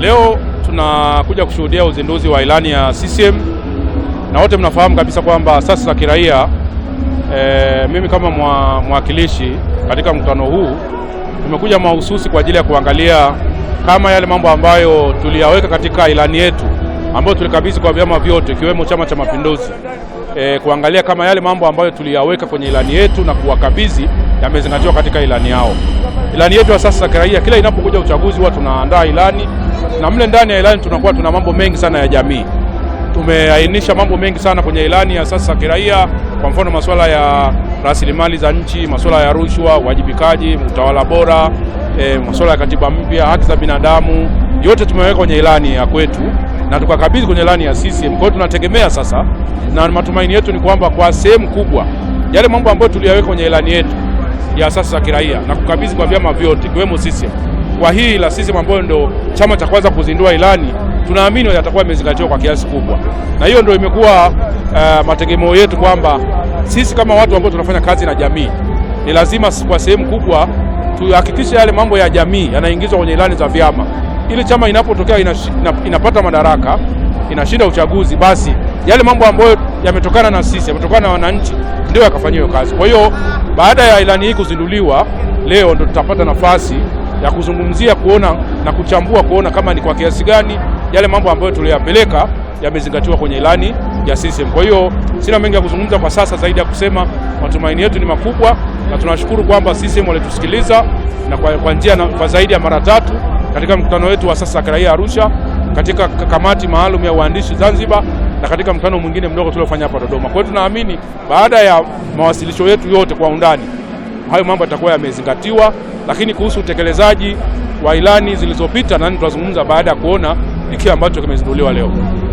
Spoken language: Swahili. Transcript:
Leo tunakuja kushuhudia uzinduzi wa ilani ya CCM na wote mnafahamu kabisa kwamba asasi za kiraia e, mimi kama mwakilishi katika mkutano huu tumekuja mahususi kwa ajili ya kuangalia kama yale mambo ambayo tuliyaweka katika ilani yetu ambayo tulikabidhi kwa vyama vyote ikiwemo Chama cha Mapinduzi e, kuangalia kama yale mambo ambayo tuliyaweka kwenye ilani yetu na kuwakabidhi yamezingatiwa katika ilani yao. Ilani yetu ya sasa kiraia, kila inapokuja uchaguzi huwa tunaandaa ilani, na mle ndani ya ilani tunakuwa tuna mambo mengi sana ya jamii. Tumeainisha mambo mengi sana kwenye ilani ya sasa kiraia, kwa mfano masuala ya rasilimali za nchi, masuala ya rushwa, uwajibikaji, utawala bora, e, eh, masuala ya katiba mpya, haki za binadamu, yote tumeweka kwenye ilani ya kwetu na tukakabidhi kwenye ilani ya CCM. Kwa hiyo tunategemea sasa, na matumaini yetu ni kwamba kwa sehemu kubwa yale mambo ambayo tuliyaweka kwenye ilani yetu ya asasi za kiraia na kukabidhi kwa vyama vyote ikiwemo sisi. Kwa hii la sisi ambayo ndio chama cha kwanza kuzindua ilani, tunaamini yatakuwa imezingatiwa kwa kiasi kubwa, na hiyo ndio imekuwa uh, mategemeo yetu kwamba sisi kama watu ambao tunafanya kazi na jamii ni lazima kwa sehemu kubwa tuhakikishe yale mambo ya jamii yanaingizwa kwenye ilani za vyama, ili chama inapotokea inapata madaraka inashinda uchaguzi basi yale mambo ambayo yametokana na sisi, yametokana na wananchi, ndio yakafanyiwa kazi. Kwa hiyo baada ya ilani hii kuzinduliwa leo, ndo tutapata nafasi ya kuzungumzia, kuona na kuchambua, kuona kama ni kwa kiasi gani yale mambo ambayo tuliyapeleka yamezingatiwa kwenye ilani ya CCM. Kwa hiyo sina mengi ya kuzungumza kwa sasa zaidi ya kusema matumaini yetu ni makubwa na tunashukuru kwamba CCM walitusikiliza na kwa, kwa njia na, kwa zaidi ya mara tatu katika mkutano wetu wa sasa kiraia Arusha, katika kamati maalum ya uandishi Zanzibar na katika mkutano mwingine mdogo tuliofanya hapa Dodoma. Kwa hiyo tunaamini baada ya mawasilisho yetu yote kwa undani, hayo mambo yatakuwa yamezingatiwa, lakini kuhusu utekelezaji wa ilani zilizopita, nani tunazungumza baada ya kuona hiki ambacho kimezinduliwa leo.